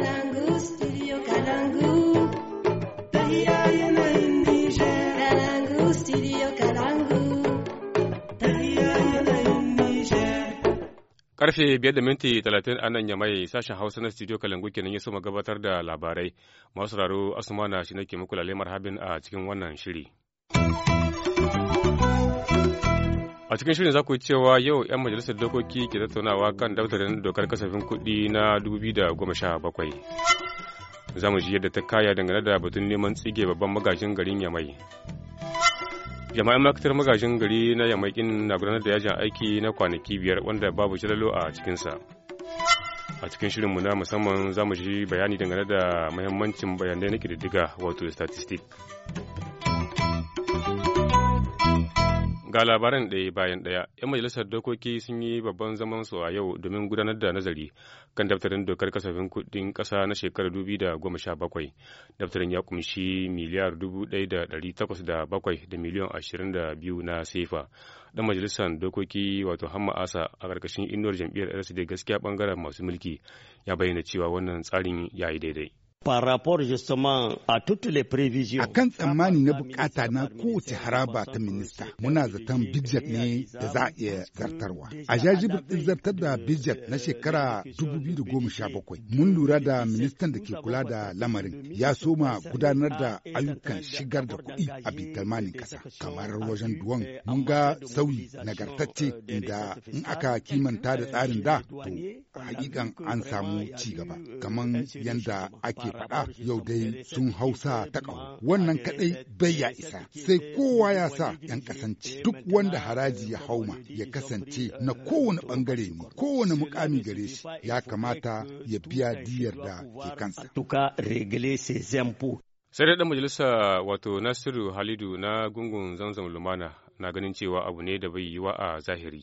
studio karfe biyar da minti talatin a nan yamai sashen hausa na studio kalangu kenan ya soma gabatar da labarai masu raro shi na shi muku lalemar habin a cikin wannan shiri. A cikin shirin za ku cewa yau 'yan majalisar dokoki ke tattaunawa kan daftarin dokar kasafin kuɗi na 2017. Za mu ji yadda ta kaya dangane da batun neman tsige babban magajin garin Yamai. Jama'in makatar magajin gari na yamakin na gudanar da yajin aiki na kwanaki biyar wanda babu shiralo a cikinsa. a cikin shirinmu na musamman za mu ji bayani dangane da mahimmancin bayanai na ƙididdiga wato statistic. Ga labaran ɗaya bayan ɗaya, 'yan majalisar dokoki sun yi babban zaman su a yau domin gudanar da nazari kan daftarin dokar kasafin kuɗin ƙasa na shekarar sha bakwai Daftarin ya kumshi miliyar ɗaya ɗari bakwai da miliyan biyu na sefa. Dan majalisar dokoki wato Hamma Asa a ƙarƙashin inuwar jam'iyyar RSD gaskiya ɓangaren masu mulki ya bayyana cewa wannan tsarin ya yi daidai. par rapport justement à toutes les prévisions. kan tsammani na bukata na kowace haraba ta minista muna zaton bidjet ne da za a iya zartarwa. A jajibin ɗin zartar da bijet na shekara 2017 mun lura da ministan da ke kula da lamarin ya soma gudanar da ayyukan shigar da kuɗi a bitalmanin kasa kamar wajen duwan mun ga sauyi nagartacce inda in aka kimanta da tsarin da to hakikan an samu ci gaba kamar yadda ake faɗa yau dai sun hausa ta ƙaho. Wannan kaɗai bai ya isa, sai kowa ya sa ‘yan kasance duk wanda haraji ya hauma ya kasance na kowane ɓangare ne, kowane mukami gare shi ya kamata ya biya diyar da ke kansa. Sai da ɗan majalisa wato Nasiru Halidu na gungun zanzan lumana na ganin cewa abu ne da bai yiwa a zahiri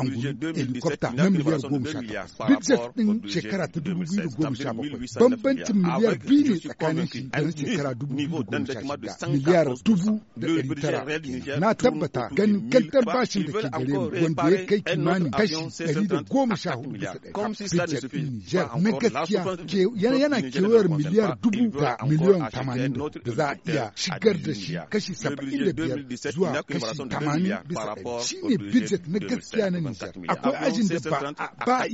angulu helikwafta na miliyar goma sha takwas. Budget ɗin shekara ta dubu biyu da goma sha bakwai bambancin miliyar biyu ne tsakanin shi da na shekara dubu biyu da goma sha shida miliyar dubu da ɗari tara. Na tabbata ganin kantar bashin da ke gare mu wanda ya kai kimanin kashi ɗari da goma sha hudu bisa ɗaya. Budget ɗin Nijar na gaskiya yana kewayar miliyar dubu da miliyan tamanin da za a iya shigar da shi kashi saba'in da biyar zuwa kashi tamanin bisa ɗari. Shi ne budget na gaskiya na minister akwai ah,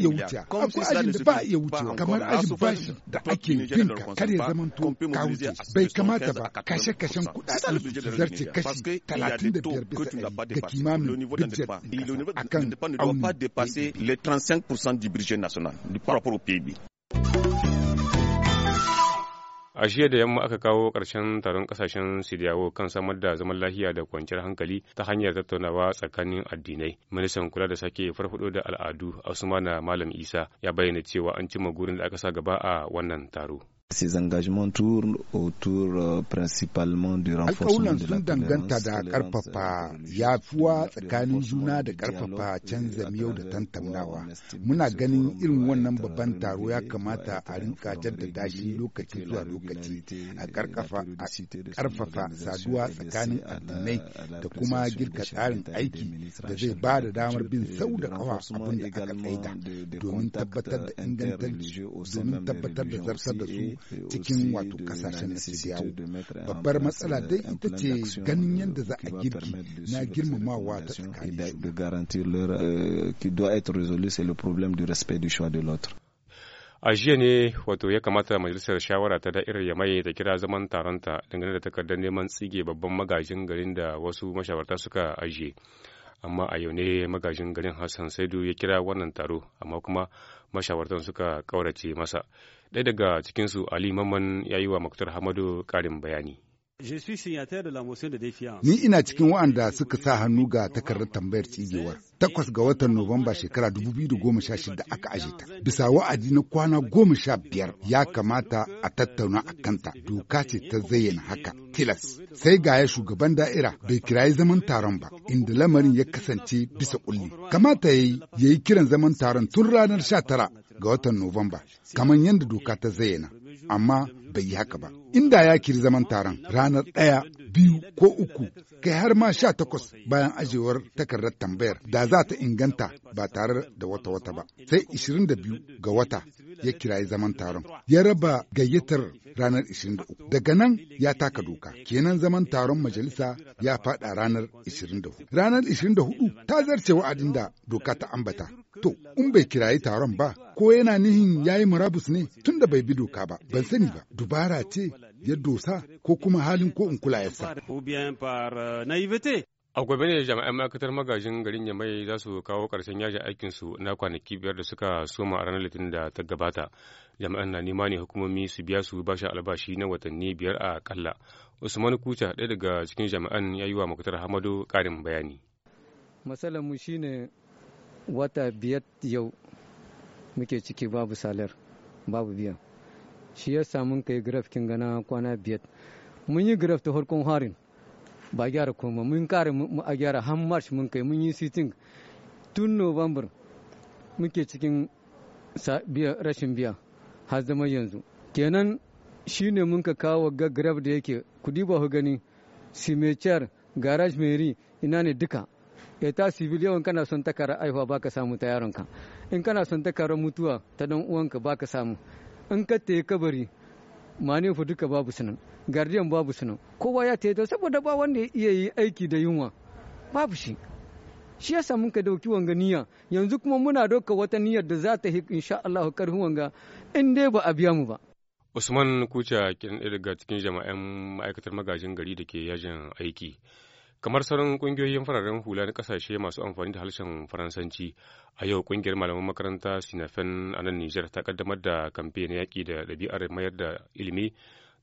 Ne doit ah, pas dépasser les 35% du budget national par rapport au PIB. A jiya da yamma aka kawo ƙarshen taron ƙasashen Sidiyawo kan samar da zaman lafiya da kwanciyar hankali ta hanyar tattaunawa tsakanin addinai. Ministan kula da sake farfado da al'adu usmana Malam Isa ya bayyana cewa an cimma gurin da aka sa gaba a wannan taro. Ces engagements tournent autour euh, principalement du renforcement de sun danganta da karfafa yafuwa tsakanin juna da karfafa canza miyau da tantaunawa. Muna ganin irin wannan babban taro ya kamata a rinka jaddada shi lokaci zuwa lokaci a karfafa saduwa tsakanin addinai da kuma girka tsarin aiki da zai ba da damar bin sau da kawa abin da aka kaida domin tabbatar da ingantanci domin tabbatar da zartar da su cikin wato kasashen na ba babbar matsala dai ita ce ganin yadda za a girki na girmamawa ta tsakanin euh, a jiya ne wato ya kamata majalisar shawara ta da'irar ya mai ta kira zaman taronta dangane da takardar neman tsige babban magajin garin da wasu mashawarta suka ajiye amma a yau ne magajin garin hassan saidu ya kira wannan taro amma kuma mashawartan suka kaurace masa ɗaya daga cikinsu ali mamman ya yi wa Maktar hamadu ƙarin bayani Ni ina cikin waɗanda suka sa hannu ga takardar tambayar tsigewar. Takwas ga watan Nuwamba shekara dubu sha shida aka aje ta. Bisa wa'adi na kwana goma sha biyar ya kamata a tattauna a kanta. Doka ce ta zayyana haka. Tilas. Sai ga ya shugaban da'ira bai kirayi zaman taron ba, inda lamarin ya kasance bisa kulli. Kamata ya ya yi kiran zaman taron tun ranar sha tara ga watan Nuwamba, kamar yadda doka ta zayyana, amma bai yi haka ba. Inda ya kiri zaman taron ranar ɗaya, biyu ko uku, kai har ma sha takwas bayan ajewar takardar tambayar da za ta inganta ba tare da wata-wata ba. Sai ishirin da biyu ga wata ya kirayi zaman taron. Ya raba gayyatar ranar 23. Daga nan ya taka doka. Kenan zaman taron majalisa ya faɗa ranar 24. Ranar 24 ta zarce wa'adin da doka ta ambata. To, in bai kirayi taron ba, ko yana nihin ya yi murabus ne tun da bai bi doka ba, ban sani ba, dubara ce ya dosa ko kuma halin ko in kula yasa. Euh, a gobe ne jami'an ma'aikatar magajin garin Yamai za su kawo ƙarshen yaji aikinsu na kwanaki biyar da suka soma a ranar Litinin da ta gabata. Jami'an na nema ne hukumomi su biya su bashi albashi na watanni biyar a kalla. Usman Kuta ɗaya daga cikin jami'an ya yi wa makatar Hamadu ƙarin bayani. Matsalar mu shine wata biyar yau muke ciki babu salar babu biyan shi ya samu ka yi graf kin gana kwana biyar mun yi graf ta harkon harin ba gyara koma mun kare mu a gyara har march mun kai mun yi sitting tun november muke cikin rashin biya har zama yanzu kenan shi ne mun ka kawo ga graf da yake kudi ba ku gani simechar garage meri ina ne duka ya ta civil yawan kana son takara aihuwa baka samu ta yaronka in kana son takara mutuwa ta dan uwanka baka samu in ka teye kabari mane fa duka babu sunan gardiyan babu sunan kowa ya teye saboda ba wanda ya iya yi aiki da yunwa babu shi shi yasa mun ka dauki wanga niyya yanzu kuma muna doka wata niyyar da za ta yi insha Allah wanga in dai ba a biya mu ba Usman Kucha kin daga cikin jama'an ma'aikatar magajin gari da ke yajin aiki kamar sauran kungiyoyin fararen hula na kasashe masu amfani da harshen faransanci a yau kungiyar malaman makaranta sinafen a nan nijar ta kaddamar da kamfe na yaƙi da ɗabi'ar mayar da ilimi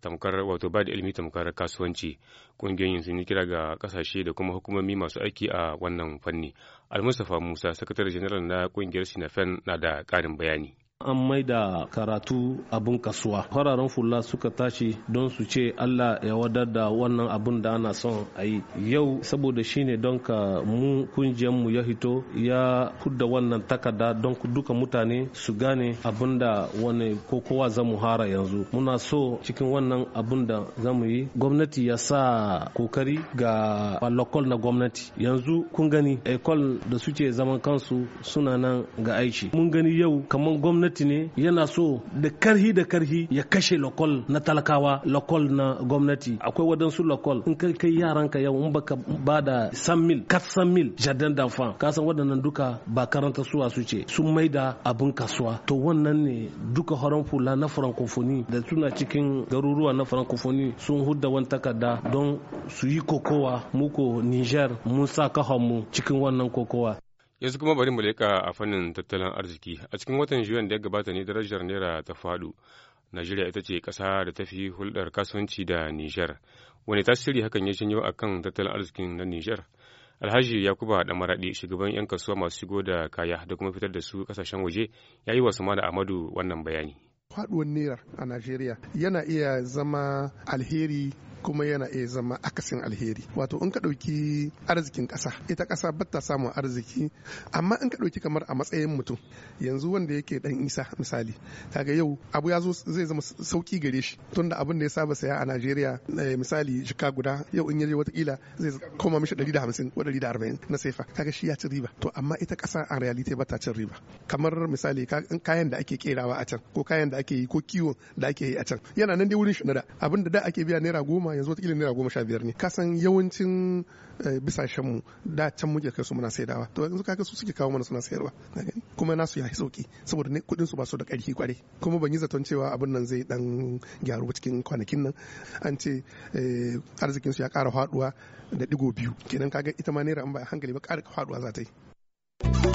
tamkar wato ba da ilimi tamkar kasuwanci kungiyoyin sun yi kira ga kasashe da kuma hukumomi masu aiki a wannan fanni almustafa musa sakatare janar na kungiyar sinafen na da ƙarin bayani an mai da karatu abun kasuwa fararen fulla suka tashi don su ce allah ya wadar da wannan abun da ana son a yi yau saboda shine don ka mu mu ya hito ya hudda wannan takarda don duka mutane su gane abun da wani ko za mu hara yanzu muna so cikin wannan abun da za mu yi gwamnati ya sa kokari ga lokal na gwamnati yanzu kun gani ekol eh, da suke zaman kansu suna nan ga aiki mun gani yau kamar gwamnati gwamnati ne yana so da karhi da karhi ya kashe lokol na talakawa lokol na gwamnati akwai wadansu lokol in kai kai ka yau in baka ba da san mil kasan mil jardin d'enfant ka san duka ba karanta suwa su ce sun da abin kasuwa to wannan ne duka horon fula na francophonie da suna cikin garuruwa na francophonie sun hudda wani takarda don su yi kokowa muko niger mun sa mu cikin wannan kokowa yanzu kuma bari mu leƙa a fannin tattalin arziki a cikin watan juyan da ya gabata ne darajar naira ta faɗo najeriya ita ce ƙasa da ta fi hulɗar kasuwanci da nijar wani tasiri hakan ya janyo kan tattalin arzikin na nijar alhaji yakuba da maraɗi shugaban 'yan kasuwa masu shigo da kaya da kuma fitar da su kasashen waje ya yi wa da amadu wannan bayani faduwar naira a najeriya yana iya zama alheri kuma yana iya zama akasin alheri wato in ka ɗauki arzikin ƙasa ita ƙasa ba ta samun arziki amma in ka ɗauki kamar a matsayin mutum yanzu wanda yake dan isa misali kaga yau abu ya zo zai zama sauki gare shi tunda abin da ya saba saya a Najeriya eh, misali shika guda yau in yaje watakila zai koma mishi hamsin ko arba'in na sefa kaga shi ya ci riba to amma ita ƙasa a realite ba ta cin riba kamar misali kayan da ake kerawa a can ko kayan da ake yi ko kiwo da ake yi a can yana nan dai wurin shi da abin da da ake biya naira goma yanzu wataƙila naira goma sha biyar ne kasan yawancin eh, bisashen mu da can muke kai su muna saidawa to yanzu kaga su suke kawo mana suna sayarwa kuma nasu ya sauki saboda ne kuɗin su ba su da ƙarfi kwarai. kuma ban yi zaton cewa abin nan zai dan gyaru cikin kwanakin nan an ce eh, arzikin su ya ƙara faduwa da digo biyu kenan kaga ita ma naira an ba hankali ba ƙara faduwa za ta yi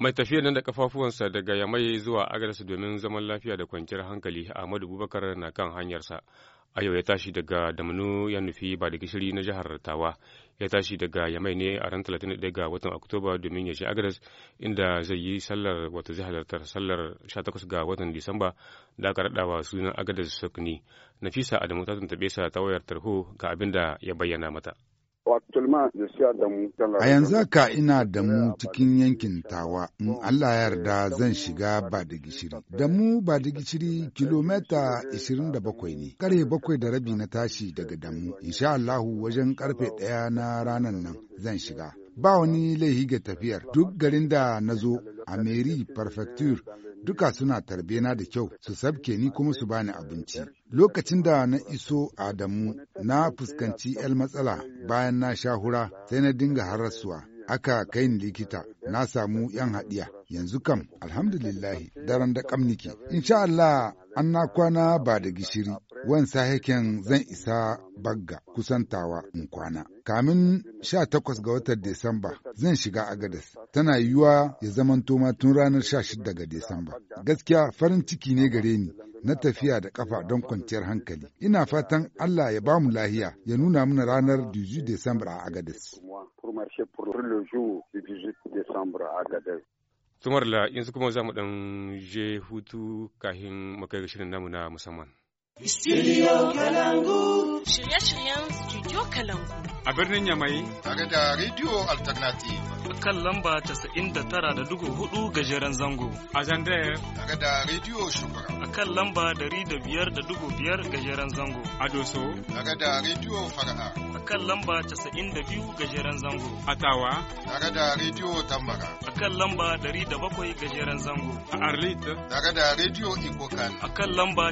Mai tafiyar nan da kafafuwansa daga ya Yamai zuwa Agadas domin zaman lafiya da kwanciyar hankali Ahmadu Bubakar na kan hanyarsa. A yau ya tashi daga Damanu ya nufi ba da gishiri na jihar Tawa. Ya tashi daga Yamai ne a ran 31 ga watan Oktoba domin ya shi Agadas inda zai yi sallar wata zai halartar sallar 18 ga watan Disamba da aka raɗawa sunan Agadas Sokni. Nafisa Adamu ta tuntuɓe sa ta wayar tarho ga abin da ya bayyana mata. A yanzu haka ina da mu cikin yankin tawa, in Allah yarda zan shiga ba da gishiri. Da mu ba da gishiri kilomita 27 ne, karfe bakwai da rabi na tashi daga damu. Insha Allahu wajen karfe ɗaya na ranar nan zan shiga. ba wani laihi ga tafiyar duk garin da na zo a Mary prefecture duka suna tarbe na da kyau su sabke ni kuma su bani abinci lokacin da na iso adamu na fuskanci 'yar matsala bayan na sha hura sai na dinga harasuwa aka kai ni likita na samu 'yan haɗiya yanzu kam alhamdulillahi daren da kamniki insha Allah an na kwana ba da gishiri wan sahiken zan isa bagga kusantawa in kwana. Kamin 18 ga watan Desamba zan shiga Agadas, tana yiwuwa ya zamanto ma tun ranar 16 ga Desamba. Gaskiya farin ciki ne gare ni na tafiya da kafa don kwanciyar hankali. Ina fatan Allah ya bamu lahiya ya nuna mana ranar 18 Desamba a Agadas. Tumar la yanzu kuma za mu ɗan je hutu kahin makai ga shirin namu na musamman. Studio Kalangu. Shirye-shiryen Studio Kalangu. A birnin Yamai. Tare da Radio Alternative. Kan lamba 99.4 gajeren zango. A Zandaya. Tare da Radio Shugaba. A kan lamba 105.5 gajeren zango. A Doso. Tare da Radio Fara'a. A kan lamba 92 gajeren zango. a tawa tare da Radio Tambara. A kan lamba 107 gajeren zango. A Arlit. tare da Radio Ikokan. A kan lamba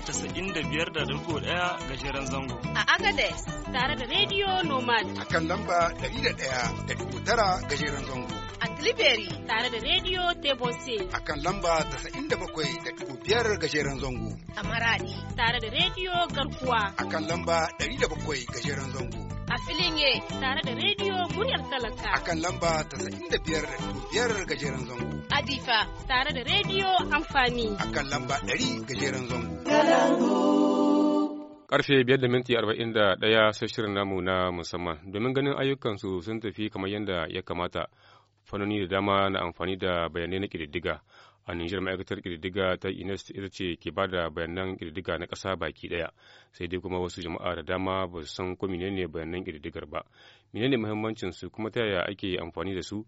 ga gajeren zango. A Agades tare da Radio Nomad. A kan lamba da da ga gajeren zango. A Tilibiri tare da Radio Tebose. A kan lamba da da bakwai ga gajeren zango. A Maradi tare da Radio Garkuwa. A kan lamba da ga gajeren zango. a filin tare da rediyo muryar talaka a kan lamba ta da biyar da biyar gajeren zango a Difa tare da rediyo amfani a kan lamba ɗari gajeren zango Karfe biyar da minti arba'in da ɗaya sai shirin namu na musamman domin ganin ayyukansu sun tafi kamar yadda ya kamata. Fanoni da dama na amfani da bayanai na ƙididdiga. a Nijar ma'aikatar ƙididdiga ta Ines ita ce ke ba da bayanan ƙididdiga na ƙasa baki ɗaya sai dai kuma wasu jama'a da dama ba su san ko menene bayanan ƙididdigar ba menene muhimmancin su kuma ta yaya ake amfani da su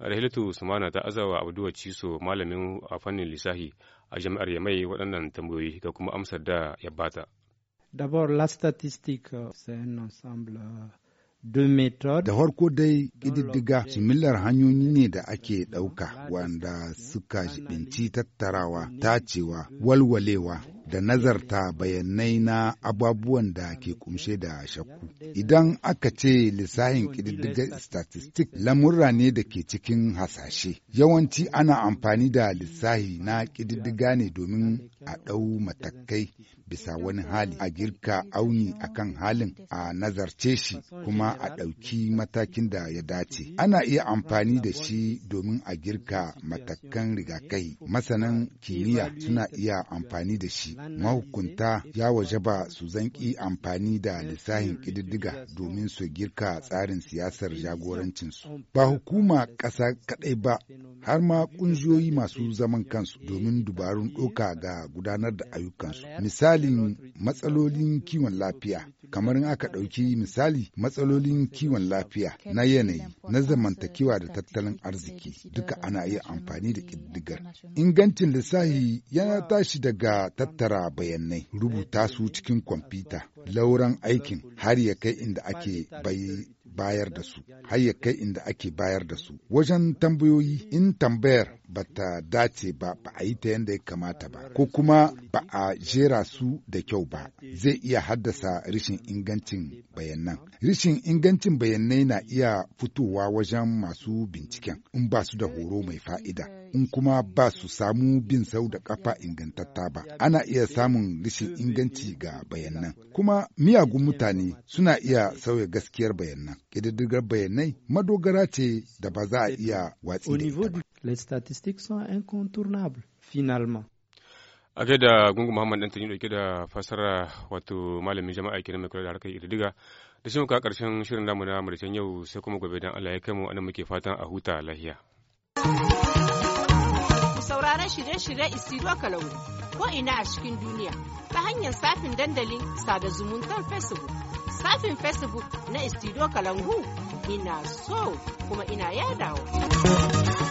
Rahilatu Sumana ta azawa Abduwa Ciso malamin a fannin lissafi a jami'ar Yamai waɗannan tambayoyi ga kuma amsar da ya bata. D'abord, la statistique, c'est un ensemble Da farko dai ƙididdiga jimillar hanyoyi ne da ake ɗauka wanda suka jibinci tattarawa, tacewa, walwalewa da nazarta bayanai na ababuwan da ke kumshe da shakku. Idan aka ce lissahin ƙididdiga statistik lamurra ne da ke cikin hasashe. Yawanci ana amfani da lissahi na ƙididdiga ne domin a ɗau matakai bisa wani hali a girka auni a kan halin a nazarce shi kuma a ɗauki matakin da ya dace ana iya amfani da shi domin a girka matakan rigakai, masanan kimiyya suna iya amfani da shi mahukunta ya waje ba su zanki amfani da lissahin ƙididdiga domin su girka tsarin siyasar jagorancinsu ba hukuma ƙasa kaɗai ba har ma ƙungiyoyi masu zaman kansu domin dubarun ɗoka ga gudanar da ayyukansu misali misalin matsalolin kiwon lafiya kamar in aka ɗauki misali matsalolin kiwon lafiya na yanayi na zamantakewa da tattalin arziki duka ana iya amfani da ƙiddigar ingancin lissahi yana tashi daga tattara bayanai rubuta su cikin kwamfuta lauran aikin har ya kai inda ake bayar da su har ya kai inda ake bayar da su wajen tambayoyi in tambayar ba ta dace ba ba a yi ta yadda ya kamata ba ko kuma ba a jera su da kyau ba zai iya haddasa rishin ingancin bayanan rishin ingancin bayanai na iya fitowa wajen masu binciken in ba su da horo mai fa'ida in kuma ba su samu bin sau da kafa ingantatta ba ana iya samun rishin inganci ga bayanan kuma miyagun mutane suna iya sauya gaskiyar bayanan ƙididdigar bayanai madogara ce da ba za a iya watsi da ita ba statistiques sont incontournables, finalement. ake da gungun muhammad dan dauke da fasara wato malamin jama'a kenan mai kula da harkar irdiga da shi muka karshen shirin namu na yau sai kuma gobe dan Allah ya kai mu anan muke fatan a huta lahiya sauraron shirye-shirye isiro kalau ko ina a cikin duniya ta hanyar safin dandalin sada zumuntar facebook safin facebook na isiro kalangu ina so kuma ina yadawa